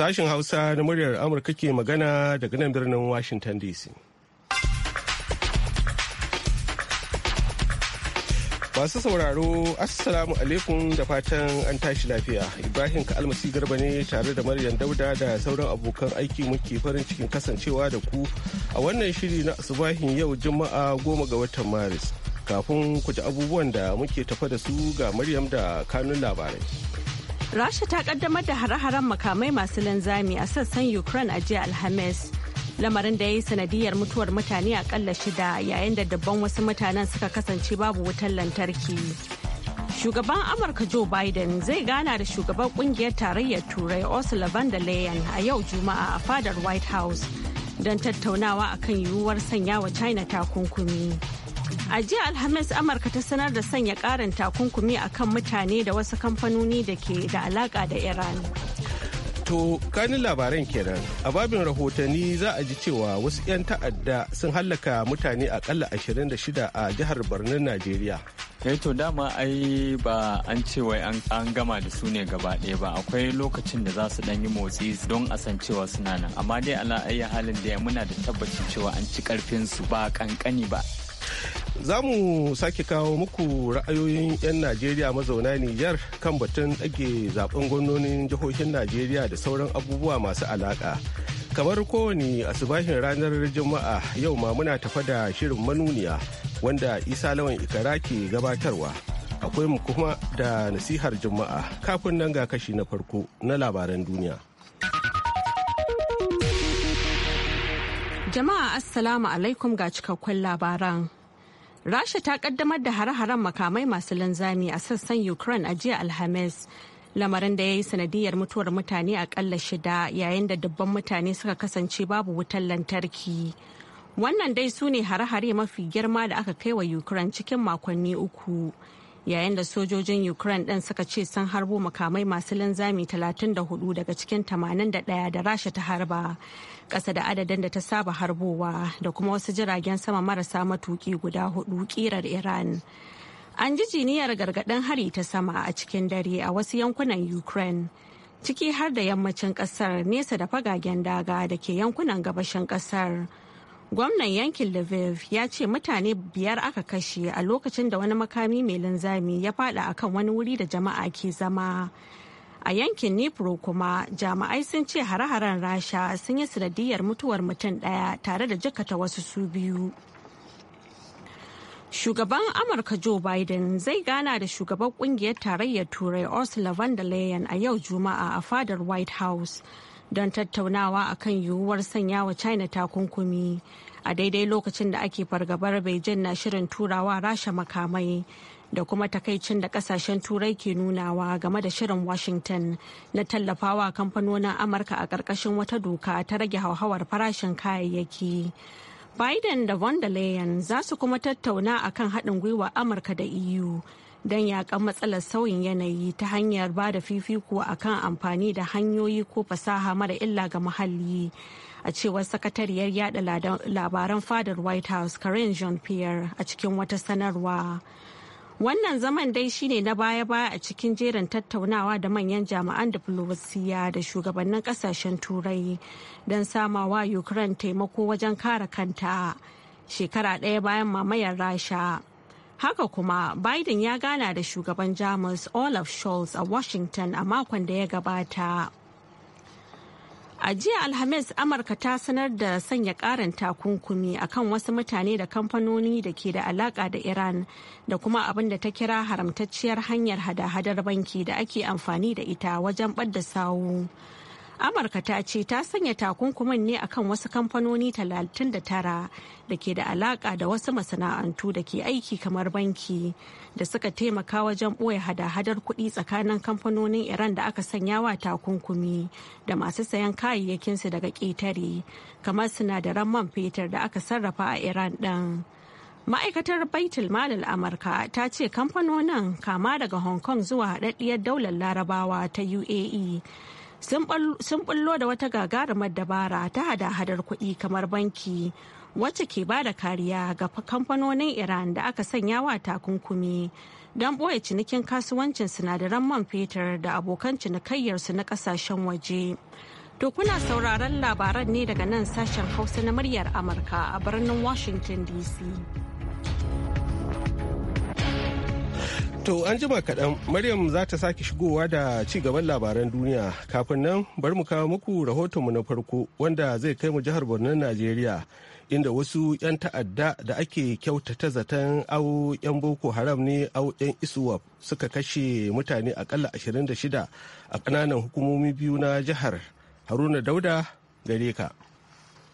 Sashen Hausa na muryar Amurka ke magana daga nan birnin Washington DC. Masu sauraro, Assalamu alaikum da fatan an tashi lafiya. Ibrahim Ka'almasi Garba ne tare da Maryam Dauda da sauran abokan aiki muke farin cikin kasancewa da ku a wannan shiri na asubahin yau Juma'a goma ga watan Maris. Kafin ku ji abubuwan da muke tafa da su ga Maryam da kanun labarai. Rasha ta kaddamar da hare-haren makamai masu linzami a sassan Ukraine a jiya Alhamis. Lamarin da ya yi sanadiyar mutuwar mutane akalla shida yayin da dabban wasu mutanen suka kasance babu wutar lantarki. Shugaban Amurka Joe Biden zai gana da shugaban kungiyar tarayyar Turai Ursula von der Leyen a yau Juma'a a fadar White House don tattaunawa akan yiwuwar sanya wa China takunkumi. A jiya Alhamis Amurka ta sanar da sanya karin takunkumi akan mutane da wasu kamfanoni da ke da alaka da Iran. To kanin labaran kenan a babin rahotanni za a ji cewa wasu 'yan ta'adda sun hallaka mutane akalla 26 a jihar Barnin Najeriya. Kai eh to dama ai ba an ce wai an gama da su ne gaba ɗaya ba akwai lokacin da za su ɗan yi motsi don a san cewa suna nan amma dai ala halin da muna da tabbacin cewa an ci karfin su ba kankani ba. za mu sake kawo muku ra'ayoyin 'yan najeriya mazauna nijar kan batun ɗage zaben gwamnonin jihohin najeriya da sauran abubuwa masu alaƙa kamar kowane asibahin ranar juma'a yau ma muna tafa da shirin manuniya wanda isa lawan ikara ke gabatarwa akwai mu kuma da nasihar juma'a kafin nan ga kashi na farko na labaran duniya Jama'a Assalamu alaikum ga cikakkun labaran. Rasha ta kaddamar da hare-haren makamai masu linzami a sassan Ukraine a jiya Alhamis. Lamarin da ya yi sanadiyar mutuwar mutane akalla shida yayin da dubban mutane suka kasance babu wutar lantarki. Wannan dai su ne hare-hare mafi girma da aka kai wa Ukraine cikin makonni uku. Yayin da sojojin Ukraine ɗin suka ce sun harbo makamai masu linzami 34 daga cikin 81 da Rasha ta harba. Kasa da adadin da ta saba harbowa da kuma wasu jiragen sama marasa matuki guda hudu ƙirar iran an ji jiniyar gargadin hari ta sama a cikin dare a wasu yankunan ukraine ciki har da yammacin ƙasar nesa da fagagen daga da ke yankunan gabashin ƙasar gwamnan yankin lviv ya ce mutane biyar aka kashe a lokacin da wani makami mai linzami ya fada akan wani wuri da jama'a ke zama a yankin nipro kuma jami'ai sun ce hare-haren rasha sun yi sanadiyar mutuwar mutum daya tare da jikata wasu su biyu Shugaban Amurka Joe Biden zai gana da shugaban kungiyar tarayyar Turai Ursula von der Leyen a yau Juma'a a fadar White House don tattaunawa a kan yiwuwar sanya wa China takunkumi a daidai lokacin da ake fargabar Beijing na shirin turawa rasha makamai da kuma takaicin da kasashen turai ke nunawa game da shirin washington na tallafawa kamfanonin amurka a ƙarƙashin wata doka ta rage hauhawar farashin kayayyaki biden da von der leyen za su kuma tattauna akan haɗin gwiwa amurka da eu don yakan matsalar sauyin yanayi ta hanyar ba da fifiko akan amfani da hanyoyi ko fasaha mara illa ga muhalli a cewar sakatariyar yada labaran fadar white house karen jean pierre a cikin wata sanarwa Wannan zaman dai shine na baya-baya a cikin jerin tattaunawa da manyan jami'an diflomasiyya da shugabannin kasashen turai don samawa Ukraine taimako wajen kare kanta shekara ɗaya bayan mamayar Rasha. Haka kuma Biden ya gana da shugaban Jamus Olaf Scholz a Washington a makon da ya gabata. A jiya Alhamis Amurka ta sanar da sanya ƙarin takunkumi akan wasu mutane da kamfanoni da ke da alaƙa da Iran da kuma abin da ta kira haramtacciyar hanyar hada-hadar banki da ake amfani da ita wajen ɓadda sawu. amurka ta ce ta sanya takunkumin ne akan wasu kamfanoni 39 da ke da alaka da wasu masana'antu da ke aiki kamar banki da suka taimaka wajen ɓoye hada-hadar kuɗi tsakanin kamfanonin iran da aka sanya wa takunkumi da masu sayan kayayyakinsu daga ƙetare kamar sinadaran man fetur da aka sarrafa a iran ɗin. ma'aikatar baitul malal amurka ta ce kamfanonin kama daga hong kong zuwa haɗaɗɗiyar daular larabawa ta uae sun bullo da wata gagarumar dabara ta hada-hadar kuɗi kamar banki wacce ke ba da kariya ga kamfanonin iran da aka sanya wa takunkumi don ɓoye cinikin kasuwancin sinadaran man fetur da abokan cinikayyarsu na ƙasashen waje to kuna sauraron labaran ne daga nan sashen hausa na muryar amurka a birnin washington dc To an jima kaɗan Maryam za ta sake shigowa da ci gaban labaran duniya kafin nan bari mu kawo muku rahotonmu na farko wanda zai kai mu jihar Borno Najeriya inda wasu 'yan ta'adda da ake kyautata zaton au 'yan Boko Haram ne au 'yan Isuwaf suka kashe mutane akalla 26 a ƙananan hukumomi biyu na jihar Haruna Dauda gare ka.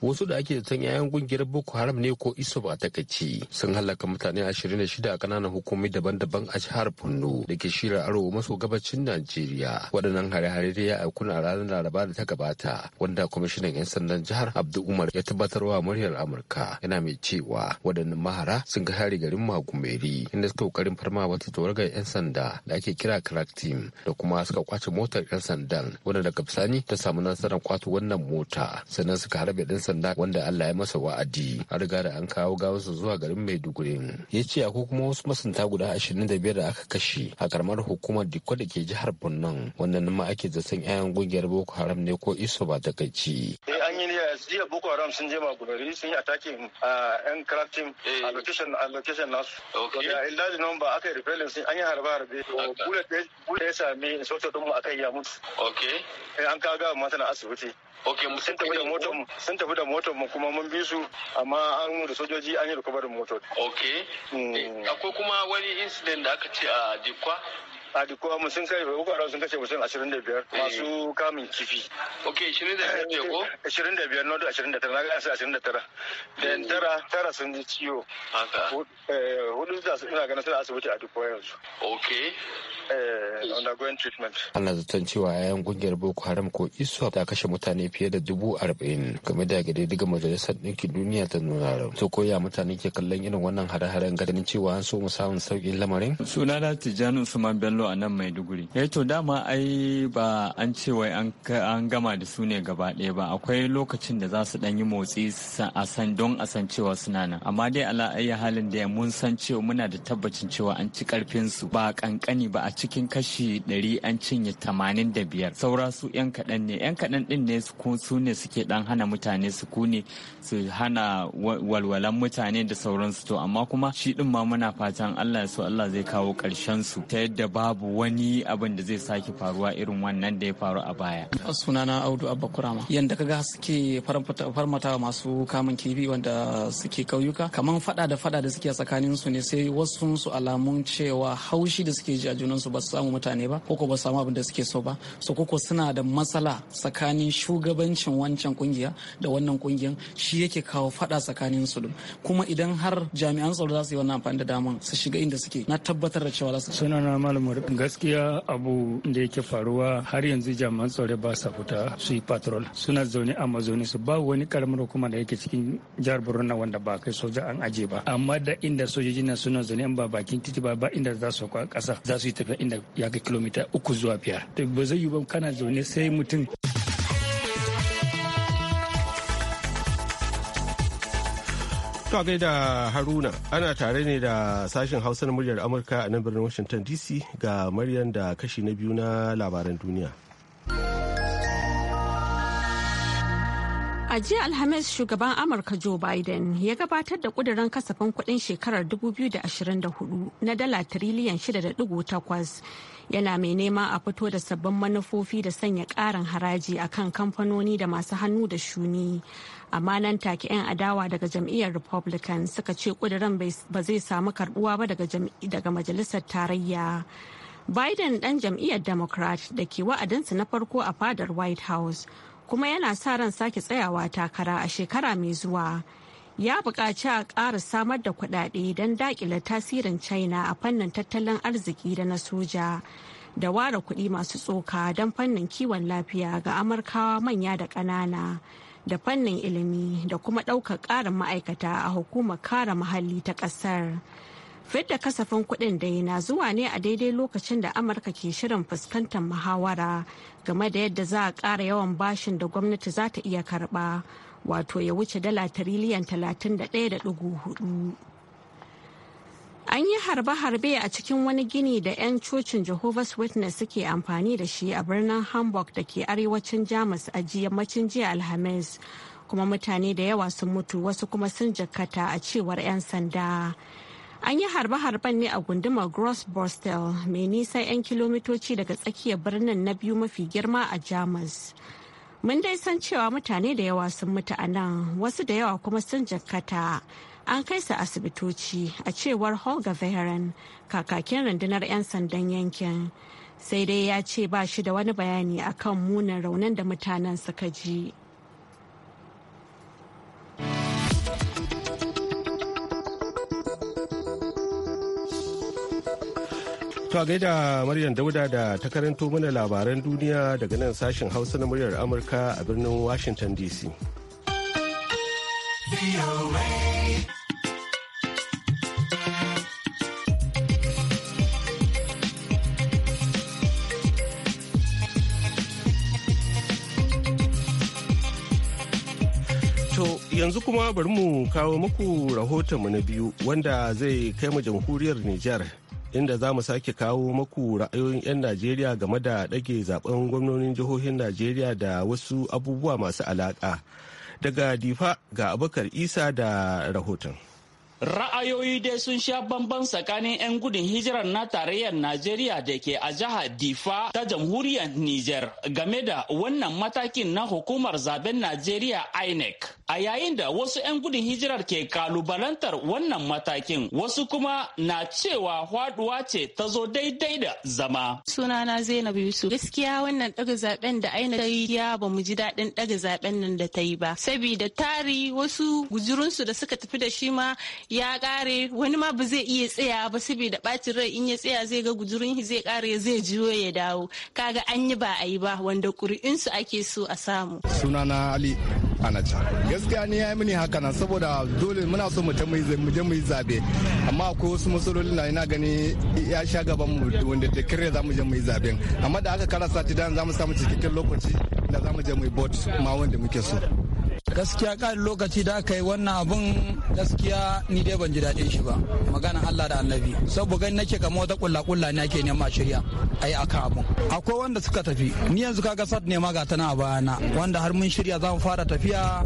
wasu da ake zaton 'ya'yan kungiyar boko haram ne ko ba ta kaci sun halaka mutane 26 a kananan hukumomi daban-daban a jihar borno da ke shirya arewa maso gabacin najeriya waɗannan hare-hare da ya aiku a ranar laraba da ta gabata wanda kwamishinan 'yan sandan jihar abdu umar ya tabbatar wa muryar amurka yana mai cewa waɗannan mahara sun ga hari garin magumeri inda suka kokarin farma wata tawargar 'yan sanda da ake kira crack team da kuma suka kwace motar 'yan sandan wanda daga bisani ta samu nasarar kwato wannan mota sannan suka harbe ɗan sanda wanda Allah ya masa wa'adi an riga da an kawo gawarsa zuwa garin Maiduguri ya ce akwai kuma wasu masunta guda 25 da aka kashe a karamar hukumar Dikko da ke jihar Borno wannan ma ake zaton 'ya'yan gungiyar Boko Haram ne ko Iso ba takaici. Eh, an yi yes jiya boko haram sun je magudari sun yi attacking a uh, yan crack team eh. a location a location nasu okay ya illa da nan ba aka yi repelling sun an yi harba harbe bullet bullet ya sami instructor din mu aka yi mutu okay eh an kaga mu tana asibiti okay mu sun tafi da motar mu sun tafi da motar mu kuma mun bi su amma an da sojoji an yi recovery motar okay hmm. eh, akwai kuma wani incident da aka ce a Dikwa adikowa mu sun kai boko haram sun kashe mutum 25 eh. masu kamun kifi ok 25 ne ko 25 nodu 29 na gasa 29 da eh. tara tara sun ji ciwo eh, hudu da suna ganin suna asibiti a duk yanzu ok undergoing treatment ana zaton cewa yayan kungiyar boko haram ko iswa ta kashe mutane fiye da dubu arba'in game da daga majalisar ɗinkin duniya ta nuna to koya mutane ke kallon irin wannan hare-haren ganin cewa an so mu samun sauƙin lamarin sunana tijjani usman bello a nan maiduguri eh to dama ai ba an ce wai an gama da su ne gaba ɗaya ba akwai lokacin da za su ɗan yi motsi a san don a san cewa suna nan amma dai ala ayi halin da mun san cewa muna da tabbacin cewa an ci karfin su ba kankani ba a cikin kashi ɗari an cinye tamanin da biyar saura su yan kaɗan ne yan kaɗan ɗin ne su ne suke ɗan hana mutane su kune su hana walwalan mutane da sauransu to amma kuma shi ɗin ma muna fatan Allah ya so Allah zai kawo ƙarshen su ta yadda babu babu wani abin da zai sake faruwa irin wannan da ya faru a baya. Sunana Audu Abba Kurama. Yanda ga suke farmata masu kamun kifi wanda suke kauyuka kamar fada da fada da suke tsakanin su ne sai wasu su alamun cewa haushi da suke ji a junan su ba su samu mutane ba koko ba su samu abin da suke so ba. So koko suna da matsala tsakanin shugabancin wancan kungiya da wannan kungiyan shi yake kawo fada tsakanin su kuma idan har jami'an tsaro za su yi wannan amfani da daman su shiga inda suke na tabbatar da cewa za su sunana malam gaskiya abu da yake faruwa har yanzu jami'an tsaro ba sa fita su yi patrol suna zaune a mazauni su ba wani karamar hukuma da yake cikin jihar borno wanda ba kai soja an aje ba amma da inda sojoji na suna zaune an ba bakin titi ba ba inda za su kwa kasa za su yi tafiya inda ya ga kilomita uku zuwa biyar ba zai yi ba kana zaune sai mutum gai da Haruna ana tare ne da sashen Hausa na muryar Amurka a nan birnin Washington DC ga Maryam da kashi na biyu na labaran duniya. A jiya Alhamis shugaban Amurka Joe Biden ya gabatar da kudirin kasafin kudin shekarar 2024 na dala tiriliyan 6.8 yana mai nema a fito da sabbin manufofi da sanya ƙarin haraji a kan kamfanoni da masu hannu da shuni amma nan take 'yan adawa daga jam'iyyar republican suka ce kudirin ba zai samu karbuwa ba daga majalisar tarayya biden ɗan jam'iyyar democrat da ke wa'adinsa na farko a fadar white house kuma yana sa ran sake tsayawa takara a shekara mai zuwa ya buƙaci a ƙara samar da kuɗaɗe don daƙile tasirin china a fannin tattalin arziki da na soja da ware kuɗi masu tsoka don fannin kiwon lafiya ga amurkawa manya da ƙanana da fannin ilimi da kuma ɗaukar ƙarin ma'aikata a hukumar kare muhalli ta ƙasar fidda kasafin kuɗin dai na zuwa ne a daidai lokacin da amurka ke shirin fuskantar muhawara game da yadda za a ƙara yawan bashin da gwamnati za ta iya karɓa wato ya wuce dala tiriliyan 31.4 an yi harbe-harbe a cikin wani gini da 'yan cocin jehovah's witness suke amfani da shi a birnin hamburg da ke arewacin jamus a yammacin jiya alhamis kuma mutane da yawa sun mutu wasu kuma sun jakkata a cewar 'yan sanda an yi harbe-harben ne a gundumar gross borstel mai nisa 'yan kilomitoci daga tsakiyar birnin na biyu mafi girma a jamus Mun dai san cewa mutane da yawa sun mutu a nan, wasu da yawa kuma sun jakkata. An kai su asibitoci a cewar Holga veheran kakakin rundunar 'yan sandan yankin. Sai dai ya ce ba shi da wani bayani akan munin raunin da mutanen suka ji. To gaida Maryam Dauda da ta karanto mana labaran duniya daga nan sashen Hausa na muryar Amurka a birnin Washington DC. yanzu kuma bari mu kawo muku rahotonmu na biyu wanda zai kai mu jamhuriyar Nijar inda za mu sake kawo maku ra'ayoyin 'yan Najeriya game da ɗage zaben gwamnonin jihohin Najeriya da wasu abubuwa masu alaƙa. Daga Difa ga Abubakar Isa da rahoton. Ra'ayoyi dai sun sha bamban tsakanin 'yan gudun hijirar na tarayyar Najeriya da ke a jiha Difa ta jamhuriyar Nijar game da wannan matakin na hukumar zaben Najeriya INEC. A yayin da wasu 'yan gudun hijirar ke kalubalantar wannan matakin wasu kuma na cewa haduwa ce ta zo daidai da zama. Sunana Zainab Yusuf. Gaskiya wannan daga zaben da INEC ta yi ya ba mu ji daɗin ɗaga zaben nan da ta yi ba. Sabida tari wasu gujirunsu da suka tafi da shi ma ya kare wani ma ba zai iya tsaya ba saboda bacin rai in ya tsaya zai ga guzurin zai kare zai jiwo ya dawo kaga an yi ba a yi ba wanda ƙuri'insu ake so a samu sunana ali anacha gaskiya ni ya mini haka nan saboda dole muna so mu ta mu je mu yi zabe amma akwai wasu matsaloli na ina gani ya sha gaban mu wanda da kare za mu je mu yi zabe amma da aka karasa sati dan za mu samu cikakken lokaci da za mu je mu yi bot ma wanda muke so gaskiya ƙarin lokaci da aka yi wannan abun gaskiya ni dai ban ji daɗin shi ba maganan Allah da annabi saboda gani nake kamar wata kulla kulla ne ake neman shirya a yi akan abun akwai wanda suka tafi ni yanzu kaga sad ne ma ga tana a bayana wanda har mun shirya za mu fara tafiya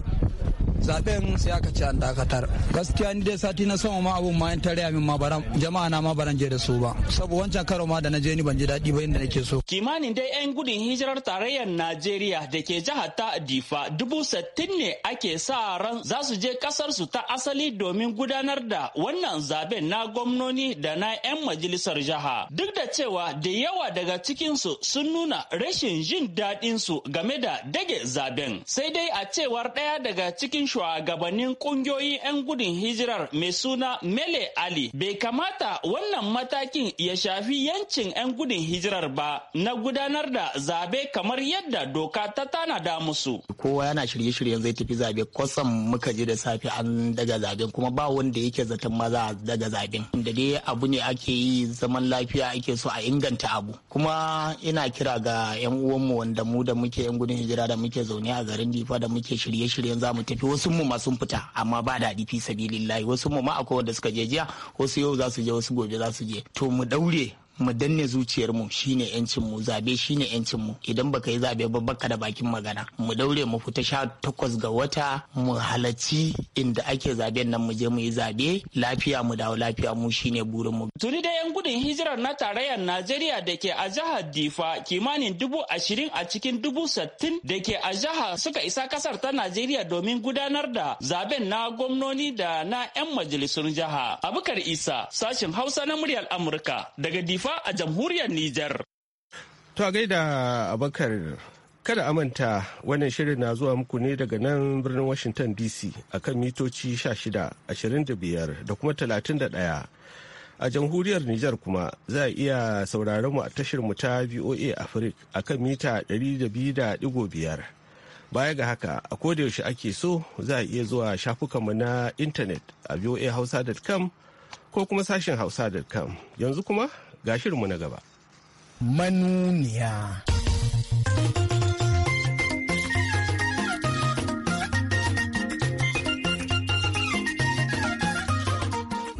zaben sai aka ce an dakatar gaskiya ni dai sati na sama ma abun ma yan tare min ma baran jama'a na ma baran je da su ba saboda wancan karo ma da na je ni ban ji daɗi ba inda nake so kimanin dai yan gudun hijirar tarayyar Najeriya da ke jihar ta Difa dubu sittin ne ake sa ran za su je kasar su ta asali domin gudanar da wannan zaben na gwamnoni da na yan majalisar jiha duk da cewa da yawa daga cikin su sun nuna rashin jin daɗin su game da dage zaben sai dai a cewar daya daga cikin shugabannin kungiyoyin 'yan gudun hijirar mai suna Mele Ali bai kamata wannan matakin ya shafi yancin 'yan gudun hijirar ba na gudanar da zabe kamar yadda doka ta tana tanada musu. Kowa yana shirye-shiryen zai tafi zabe kwasan muka je da safe an daga zaben kuma ba wanda yake zaton ma za a daga zaben. Da dai abu ne ake yi zaman lafiya ake so a inganta abu. Kuma ina kira ga 'yan uwanmu wanda mu da muke 'yan gudun hijira da muke zaune a garin Difa da muke shirye-shiryen za mu tafi wasu wasu mu ma sun fita amma ba daɗi fi sabilillahi wasu mu ma akwai wanda suka je jiya wasu yau za su je wasu gobe za su je to mu daure mu danne zuciyar mu shine yancin mu zabe shine yancin mu idan baka yi zabe ba baka da bakin magana mu daure mu fita sha takwas ga wata mu inda ake zaben nan mu je mu yi zabe lafiya mu dawo lafiya mu shine burin mu tuni da yan gudun hijirar na tarayyar Najeriya da ke a jihar Difa kimanin dubu ashirin a cikin dubu sattin da ke a jihar suka isa kasar ta Najeriya domin gudanar da zaben na gwamnoni da na 'yan majalisun jiha. Abubakar Isa sashin Hausa na muryar Amurka daga Difa haifa a jamhuriyar Nijar. To a gaida Abakar kada amanta wannan shirin na zuwa muku ne daga nan birnin Washington DC a kan mitoci 16, 25 da kuma 31. a jamhuriyar Nijar kuma za a iya sauraron mu a tashar mu ta VOA Africa kan mita 200.5. Baya ga haka a yaushe ake so za a iya zuwa shafukanmu na intanet a voahausa.com ko kuma sashen hausa.com yanzu kuma ga shirinmu na gaba. Manuniya.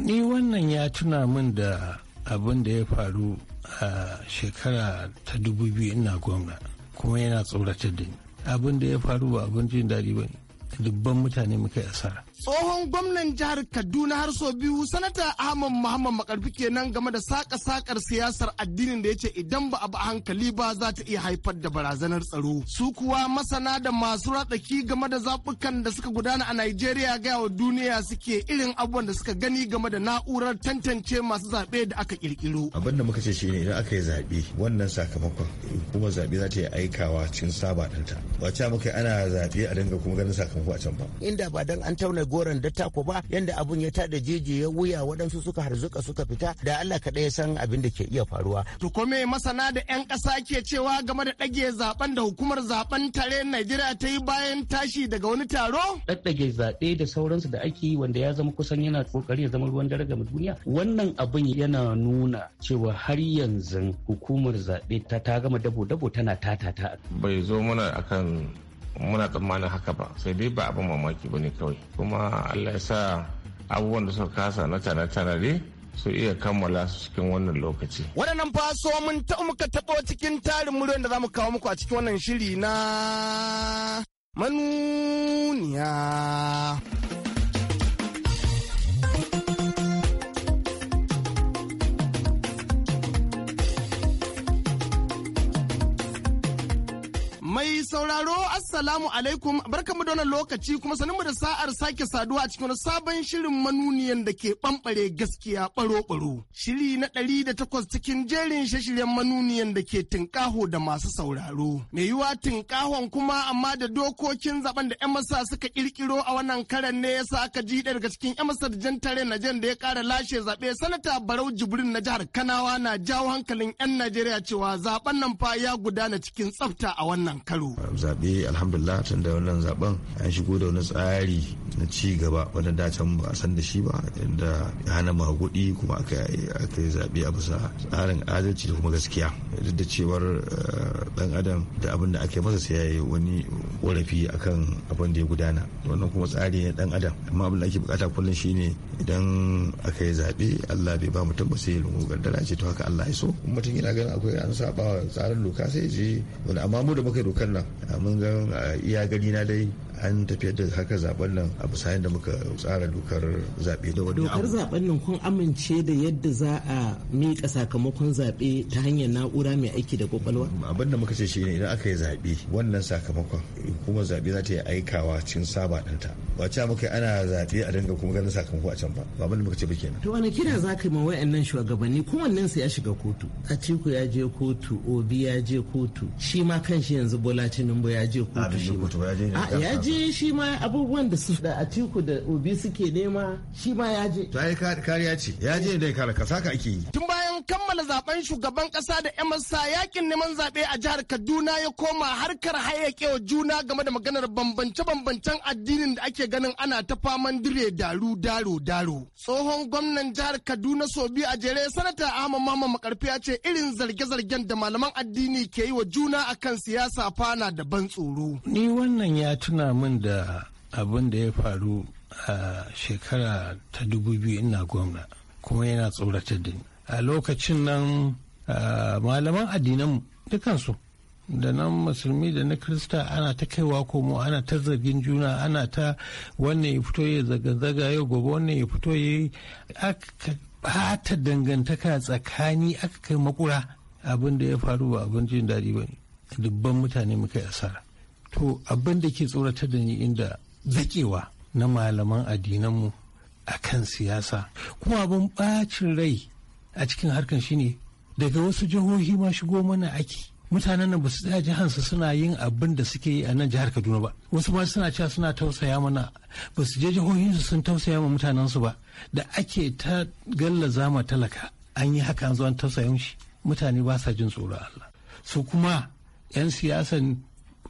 Ni wannan ya tuna min da abin da ya faru a shekara ta dubu biyu ina gwamna kuma yana tsoratar da ni. Abin da ya faru ba abin jin daɗi ba ne. Dubban mutane muka yi asara. tsohon gwamnan jihar kaduna har so biyu sanata ahmad muhammad makarfi kenan game da saka sakar siyasar addinin da ya ce idan ba a ba hankali ba za ta iya haifar da barazanar tsaro su kuwa masana da masu ratsaki game da zabukan da suka gudana a nigeria gaya wa duniya suke irin abubuwan da suka gani game da na'urar tantance masu zaɓe da aka kirkiro abin da muka ce shine idan aka yi zaɓe wannan sakamakon kuma zaɓe za ta yi aikawa cikin saba ɗinta ba ce muka ana zaɓe a dinga kuma ganin sakamako a can ba inda ba dan an tauna jagoran ta ba yanda abun ya tada jeji ya wuya waɗansu suka harzuka suka fita da Allah kaɗai ya san abin da ke iya faruwa. To kome masana da 'yan ƙasa ke cewa game da ɗage zaben da hukumar zaben tare Najeriya ta yi bayan tashi daga wani taro? Ɗaɗɗage zaɓe da sauransu da ake yi wanda ya zama kusan yana kokari ya zama ruwan dare ga duniya. Wannan abin yana nuna cewa har yanzu hukumar zaɓe ta ta gama dabo-dabo tana tatata. Bai zo mana akan muna tsammanin haka ba sai dai ba abin mamaki ba ne kawai kuma allah ya sa abubuwan da suka kasa na tana-tana su iya kammala su cikin wannan lokaci. Waɗannan faso mun ta muka taɓo cikin tarin muryar da za mu kawo muku a cikin wannan shiri na manuniya. Mai sauraro Assalamu alaikum barkamu da wannan lokaci kuma sanin da sa'ar sake saduwa a cikin wani sabon shirin manuniyan da ke bambare gaskiya baro-baro. Shiri na ɗari da takwas cikin jerin shashiryan manuniyan da ke tinkaho da masu sauraro. Mai yiwuwa tinkahon kuma amma da dokokin zaben da 'yan masa suka kirkiro a wannan karan ne yasa aka ji daga cikin 'yan masa jan tare na jan da ya kara lashe zaɓe sanata Barau Jibrin na jihar Kanawa na jawo hankalin 'yan Najeriya cewa zaben nan fa ya gudana cikin tsafta a wannan karo. Zaɓe alhamdulillah tun da wannan zaben an shigo da wani tsari na ci gaba wanda da can ba a san da shi ba inda hana magudi kuma aka yi zaɓe a bisa tsarin adalci da kuma gaskiya duk da cewar dan eh, adam da abin da ake masa sai ya yi wani korafi akan abin da ya gudana wannan kuma tsari ne dan adam amma abin da ake bukata kullum shine idan aka yi zaɓe Allah bai ba mutum ba sai ya lungu gardara ce to haka Allah ya so mutum yana ganin akwai an saba tsarin doka sai je wani amma mu da muka dokar nan mun ga iya gani na dai an tafiyar da haka zaben nan a bisa yadda muka tsara dokar zaɓe. Dokar zaben nan kun amince da yadda za a miƙa sakamakon zaɓe ta hanyar na'ura mai aiki da kwakwalwa? Abin da muka ce shi ne idan aka yi zaɓe wannan sakamakon kuma zaɓe za ta yi aikawa cikin saba ɗanta. Ba ce muka ana zaɓe a dinga kuma ganin sakamako a can ba. Ba abin da muka ce ba kenan. To wani kira za ka yi ma wayannan shugabanni kowannen sai ya shiga kotu. Atiku ya je kotu, Obi ya je kotu, shi ma kanshi yanzu Bola Tinubu ya je kotu. hutu shi ah, ya je shi ma abubuwan da su da atiku da obi suke nema shi ma ya je to yi kariya ce ya je dai kare kasa ka ake yi tun bayan kammala zaben shugaban kasa da yan masa yakin neman zaɓe a jihar Kaduna ya koma harkar hayyakewa juna game da maganar bambance-bambancen addinin da ake ganin ana ta faman dire daru daro daro tsohon gwamnan jihar Kaduna Sobi a jere sanata Ahmad Mama Makarfi ya ce irin zarge-zargen da malaman addini ke yi wa juna akan siyasa fana da ban tsoro ni wannan ya tuna min da abin da ya faru a shekara ta dubu biyu ina gwamna kuma yana tsorata da ni a lokacin nan malaman addinan dukansu da nan musulmi da na krista ana ta kaiwa komo ana ta zargin juna ana ta wannan ya fito ya zaga-zaga yau gobe wannan ya fito ya aka bata dangantaka tsakani aka kai makura abin da ya faru ba abin jin daɗi ba ne dubban mutane muka yi asara to abin da ke tsoratar da ni inda zakewa na malaman addinanmu a kan siyasa kuma abin bacin rai a cikin harkan shine daga wasu jihohi ma shigo mana ake mutanen nan ba su tsaya jihansu suna yin abin da suke yi a nan jihar kaduna ba wasu ma suna cewa suna tausaya mana ba su je jihohinsu sun tausaya ma mutanensu ba da ake ta gallaza ma talaka an yi haka an zo an tausaya shi mutane ba sa jin tsoron allah su kuma 'yan siyasan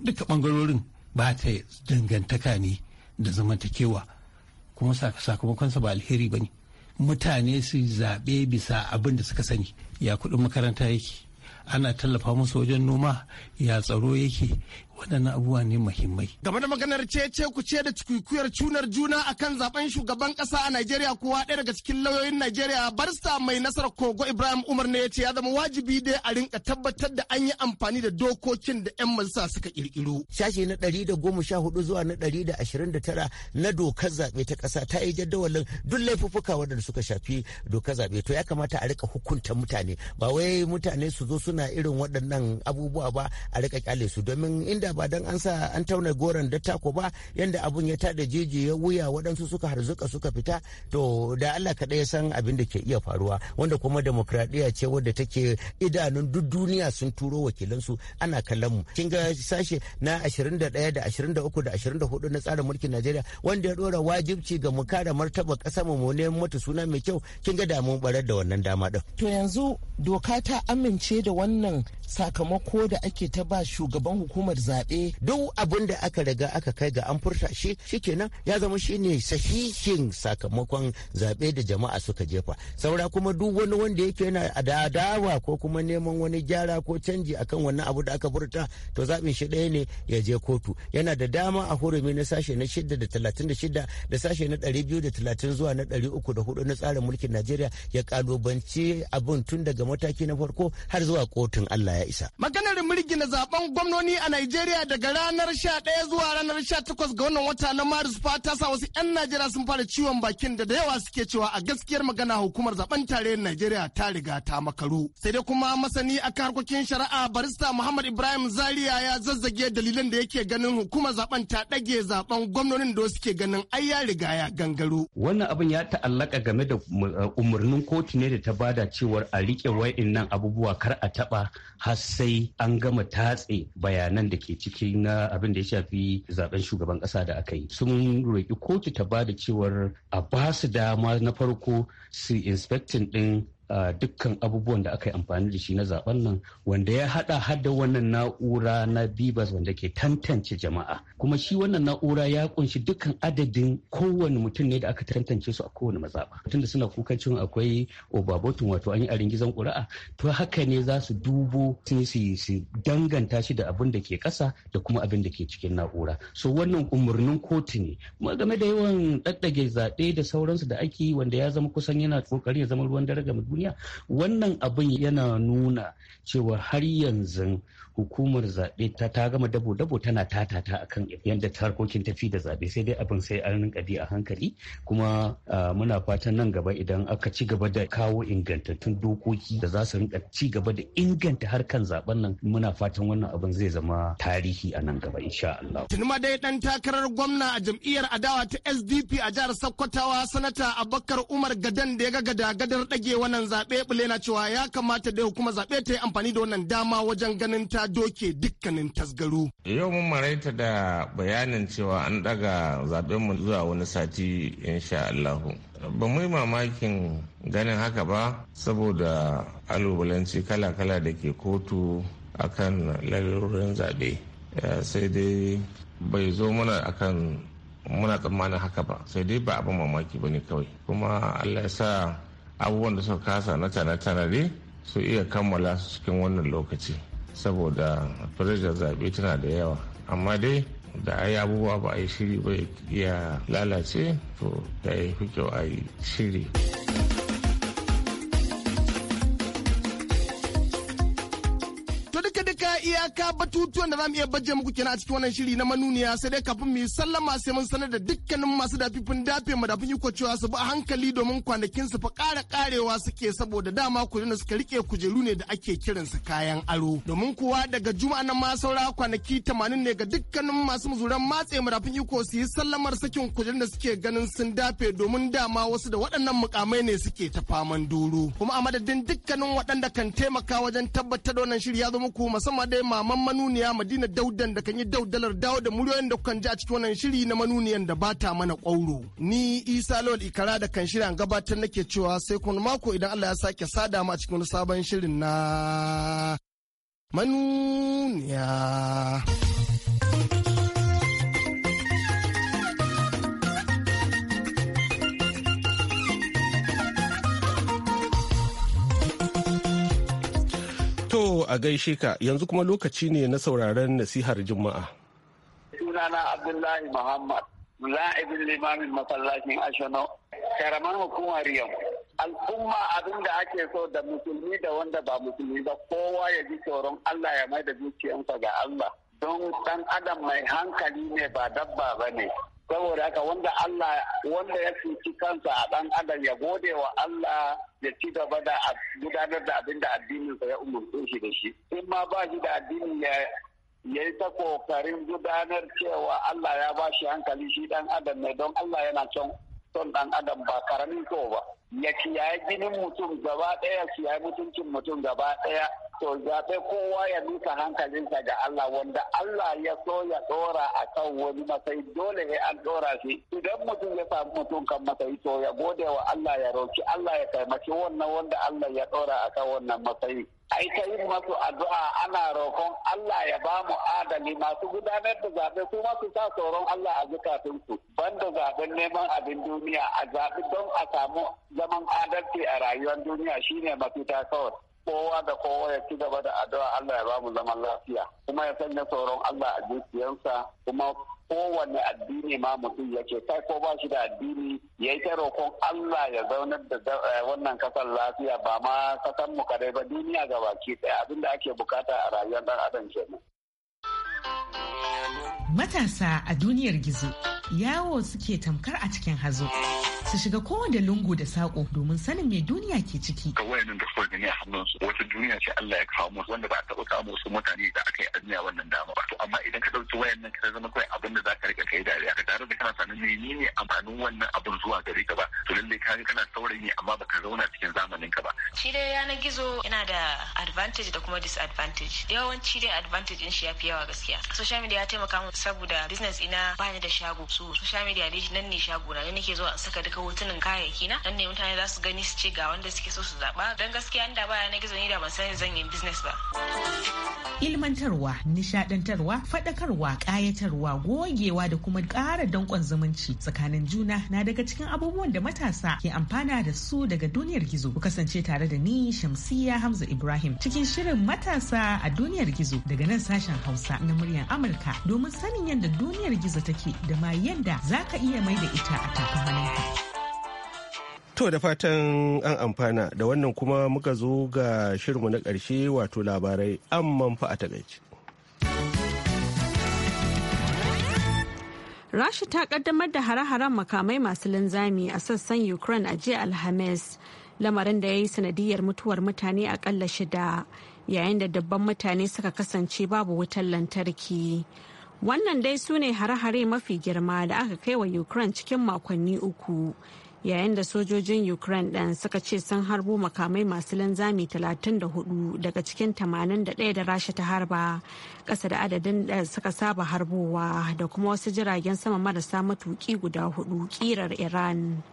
duka bangarorin ba ta dangantaka ne da zamantakewa kuma sakamakonsa ba alheri ba ne mutane su zaɓe bisa abin da suka sani ya kuɗin makaranta yake ana tallafa musu wajen noma ya tsaro yake waɗannan abubuwa ne muhimmai. Game da maganar cece ku ce da cikikuyar cunar juna a kan zaben shugaban kasa a Najeriya kuwa ɗaya daga cikin lauyoyin Najeriya barista mai nasarar Kogo Ibrahim Umar ne ya ce ya zama wajibi dai a rinka tabbatar da an yi amfani da dokokin da 'yan majalisa suka kirkiro. Sashe na ɗari da goma sha hudu zuwa na ɗari da ashirin da tara na dokar zaɓe ta ƙasa ta yi jadawalin duk laifuffuka waɗanda suka shafi dokar zaɓe to ya kamata a rika hukunta mutane ba wai mutane su zo suna irin waɗannan abubuwa ba a rika kyale su domin inda ba dan an sa an tauna goron tako ba yanda abun ya tada jeji ya wuya waɗansu suka harzuka suka fita to da Allah kaɗai ya san abin da ke iya faruwa wanda kuma demokradiyya ce wadda take idanun duk duniya sun turo wakilansu ana kallon mu kin ga sashe na 21 da 23 da 24 na tsarin mulkin Najeriya wanda ya dora wajibci ga mu kare martaba ƙasa mu neman mata suna mai kyau kin ga damun barar da wannan dama din to yanzu doka ta amince da wannan sakamako da ake ta ba shugaban hukumar zaɓe zaɓe duk abin da aka riga aka kai ga an furta shi shikenan ya zama shine sahihin sakamakon zaɓe da jama'a suka jefa saura kuma duk wani wanda yake yana adawa ko kuma neman wani gyara ko canji akan wannan abu da aka furta to zaɓin shi ɗaya ne ya je kotu yana da dama a hurumi na sashe na shida da talatin da shida da sashe na ɗari biyu da talatin zuwa na ɗari uku da hudu na tsarin mulkin najeriya ya kalubanci abin tun daga mataki na farko har zuwa kotun allah ya isa maganar mulki na zaben gwamnoni a najeriya Najeriya daga ranar 11 zuwa ranar 18 ga wannan wata na Maris fa ta sa wasu 'yan Najeriya sun fara ciwon bakin da da yawa suke cewa a gaskiyar magana hukumar zaben tarayyar Najeriya ta riga ta makaru. Sai dai kuma masani a harkokin shari'a barista Muhammad Ibrahim Zaria ya zazzage dalilan da yake ganin hukumar zaben ta ɗage zaben gwamnonin da suke ganin ai ya riga ya gangaro. Wannan abin ya ta'allaka game da uh, umarnin kotu ne da ta bada cewar a riƙe nan abubuwa kar a taɓa har sai an gama tatse bayanan da ke ke ciki na abin da ya shafi zaben shugaban kasa da aka yi sun roƙi kotu ta ba da cewar a ba su dama na farko su inspecting din dukkan abubuwan da aka yi amfani da shi na zaben nan wanda ya hada hada wannan na'ura na bibas wanda ke tantance jama'a kuma shi wannan na'ura ya kunshi dukkan adadin kowane mutum ne da aka tantance su a kowane mazaba da suna kukan cewa akwai obabotun wato an yi ringizan ƙuri'a to haka ne za su dubo su danganta shi da abin da ke ƙasa da kuma abin da ke cikin na'ura so wannan umarnin kotu ne game da yawan ɗaɗɗage zaɓe da sauransu da ake yi wanda ya zama kusan yana kokari ya zama ruwan dare ga duniya wannan abin yana nuna cewa har yanzu hukumar zaɓe ta ta gama dabo dabo tana tatata akan yadda harkokin tafi da zaɓe sai dai abin sai an rinka a hankali kuma muna fatan nan gaba idan aka ci gaba da kawo ingantattun dokoki da za su rinka ci gaba da inganta harkan zaben nan muna fatan wannan abin zai zama tarihi a nan gaba insha Allah. ma dai dan takarar gwamna a jam'iyyar adawa ta SDP a jihar Sokotawa sanata Abubakar Umar Gadan da ya ga gada gadar ɗage wannan zaɓe bule na cewa ya kamata dai hukumar zaɓe ta yi amfani da wannan dama wajen ganin ta doke dukkanin tasgaru. Yau mun maraita da bayanin cewa an ɗaga zaɓen mu zuwa wani sati insha Allahu. Ba mu yi mamakin ganin haka ba saboda alubalanci kala-kala da ke kotu akan lalurin zaɓe. Sai dai bai zo mana akan muna tsammanin haka ba sai dai ba abin mamaki ba ne kawai kuma allah ya sa abubuwan da suka kasa na tana su iya kammala su cikin wannan lokaci saboda firajar zaɓe tana da yawa amma dai da a yi abubuwa ba a yi shiri ba ya lalace to da ya fi kyau a yi shiri iya batutuwan da za mu iya baje muku kenan a cikin wannan shiri na manuniya sai dai kafin mu yi sallama sai mun sanar da dukkanin masu dafifin dafe mu dafin iko cewa su bi a hankali domin kwanakin su fa ƙara ƙarewa suke saboda dama kujerun da suka rike kujeru ne da ake kiransa kayan aro. Domin kuwa daga juma'a nan ma saura kwanaki tamanin ne ga dukkanin masu muzuran matse mu dafin iko su yi sallamar sakin kujerun da suke ganin sun dafe domin dama wasu da waɗannan mukamai ne suke ta faman doro. Kuma a madadin dukkanin waɗanda kan taimaka wajen tabbatar da wannan shiri ya zo muku musamman dai maman manuniya Madina Daudan da kan yi daudalar dawo da muryoyin da kukan ji a cikin wannan shiri na manuniyan da bata mana kwauro. Ni Isa Lawal Ikara da kan shirin gabatar nake cewa sai kun mako idan Allah ya sake sada mu a cikin wani sabon shirin na manuniya. a gaishe ka yanzu kuma lokaci ne na sauraren nasihar Juma'a. Sunana Abdullahi Muhammad, la'ibin limamin masallacin Ashano, karaman hukumar yau Al'umma abin da ake so da musulmi da wanda ba musulmi ba kowa ya ji tsoron Allah ya mai da zuciyarsa ga Allah. Don ɗan adam mai hankali ne ba dabba ba ne. saboda haka wanda Allah wanda ya cuci kansa a dan adam ya gode wa Allah ya ci gaba da gudanar da abin da addininsa ya umurce shi da shi in ma ba shi da addinin ya yi ta kokarin gudanar cewa Allah ya ba shi hankali shi dan adam ne don Allah yana son son dan adam ba karamin so ba ya kiyaye jinin mutum gaba ɗaya kiyaye mutuncin mutum gaba ɗaya to zaɓe kowa ya nusa hankalinsa ga Allah wanda Allah ya so ya ɗora a kan wani matsayi dole ne an ɗora shi idan mutum ya samu mutum kan matsayi to ya gode wa Allah ya roki Allah ya taimaki wannan wanda Allah ya ɗora a kan wannan matsayi. ai ta yi masu addu'a ana roƙon Allah ya ba mu adali masu gudanar da zaɓe su masu sa tsoron Allah a zukatunsu banda zaɓen neman abin duniya a zaɓi don a samu zaman adalci a rayuwar duniya shine mafita kawai. kowa da kowa ya ci gaba da addu'a Allah ya bamu zaman lafiya kuma ya sanya tsoron Allah a zuciyarsa kuma kowane addini ma mutum yake kai ko ba shi da addini ya yi ta roƙon Allah ya zaunar da eh, wannan kasar lafiya ba ma kasar mu kadai ba duniya ga baki ɗaya abinda ake bukata a rayuwar ɗan adam kenan. Matasa a duniyar gizo yawo suke tamkar a cikin hazo. su shiga kowane lungu da sako domin sanin me duniya ke ciki. Ga wayannan da suka gani a hannunsu wata duniya ce Allah ya kawo musu wanda ba a taɓa kawo musu mutane da aka yi a wannan dama ba. To amma idan ka ɗauki wayannan ka zama kawai abin da za ka riƙa kai dariya ka tare da kana sanin menene amfanin wannan abin zuwa gare ka ba. To lallai ka ga kana saurayi amma baka zauna cikin zamanin ka ba. Shi dai yanar gizo yana da advantage da kuma disadvantage. Yawanci dai advantage in shi ya fi yawa gaskiya. Social media ya taimaka mu saboda business ina bani da shago. So social media dai nan ne shago na ne nake zuwa saka duka ga hotunan kayayyaki na dan ne mutane za su gani su ce ga wanda suke so su zaba dan gaskiya inda baya na gizo ni da ban sani zan yi business ba ilmantarwa nishadantarwa fadakarwa kayatarwa gogewa da kuma ƙara dankon zumunci tsakanin juna na daga cikin abubuwan da matasa ke amfana da su daga duniyar gizo ku kasance tare da ni shamsiya hamza ibrahim cikin shirin matasa a duniyar gizo daga nan sashen hausa na muryar amurka domin sanin yadda duniyar gizo take da ma yadda za ka iya mai da ita a takamanka. To da fatan an amfana da wannan kuma muka zo ga shirinmu na ƙarshe wato labarai an manfa a takaici. Rasha ta kaddamar da hare-haren makamai masu linzami a sassan Ukraine a jiya Alhamis, lamarin da ya yi sanadiyar mutuwar mutane akalla shida, yayin da dabban mutane suka kasance babu wutar lantarki. Wannan dai su ne hare-hare mafi girma da aka kai wa Ukraine cikin makonni uku. yayin da sojojin ukraine ɗin suka ce sun harbo makamai masu linzami 34 daga cikin 81 da rasha ta harba ƙasa da adadin da suka saba harbowa da kuma wasu jiragen sama marasa matuƙi guda hudu ƙirar iran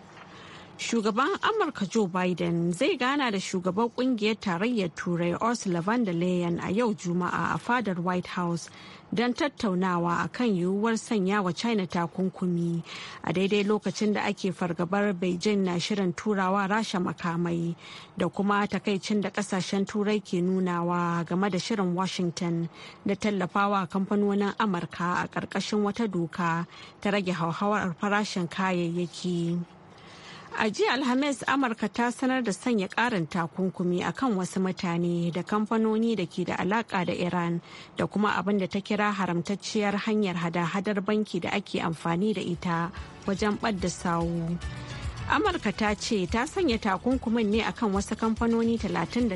shugaban amurka joe biden zai gana da shugaban kungiyar tarayyar turai ursula von der leyen a yau juma'a a fadar white house don tattaunawa a kan yiwuwar sanya wa china takunkumi a daidai lokacin da ake fargabar beijing na shirin turawa rasha makamai da kuma takaicin da kasashen turai ke nunawa game da shirin washington da tallafawa kamfanonin amurka a ƙarƙashin wata doka ta rage hauhawar farashin kayayyaki. A jiya Alhamis Amurka ta sanar da sanya ƙarin takunkumi a kan wasu mutane da kamfanoni da ke da alaƙa da Iran da kuma abin da ta kira haramtacciyar hanyar hada-hadar banki da ake amfani da ita wajen ɓadda sawu. amurka ta ce ta sanya takunkumin ne akan wasu kamfanoni 39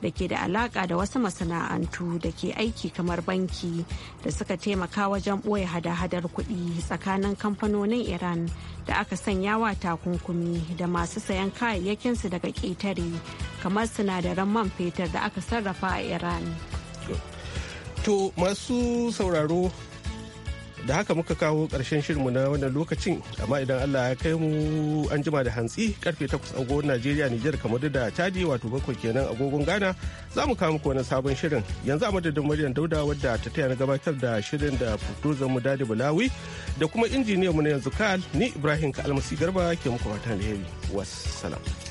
da ke da alaka da wasu masana'antu da ke aiki kamar banki da suka taimaka wajen ɓoye hada-hadar kuɗi tsakanin kamfanonin iran da aka sanya wa takunkumi da masu sayan kayayyakinsu daga ƙetare kamar sinadaran man fetur da aka sarrafa a iran to masu sauraro da haka muka kawo ƙarshen shirinmu na wannan lokacin amma idan allah ya kai mu an jima da hantsi karfe 8 agogon najeriya nijar kamar da chadi wato bakwai kenan agogon ghana za mu kawo muku wani sabon shirin yanzu a madadin maryam dauda wadda ta taya na gabatar da shirin da producer mu dadi bulawi da kuma injiniyan mu na yanzu kal ni ibrahim ka almasi garba ke muku fatan alheri wassalam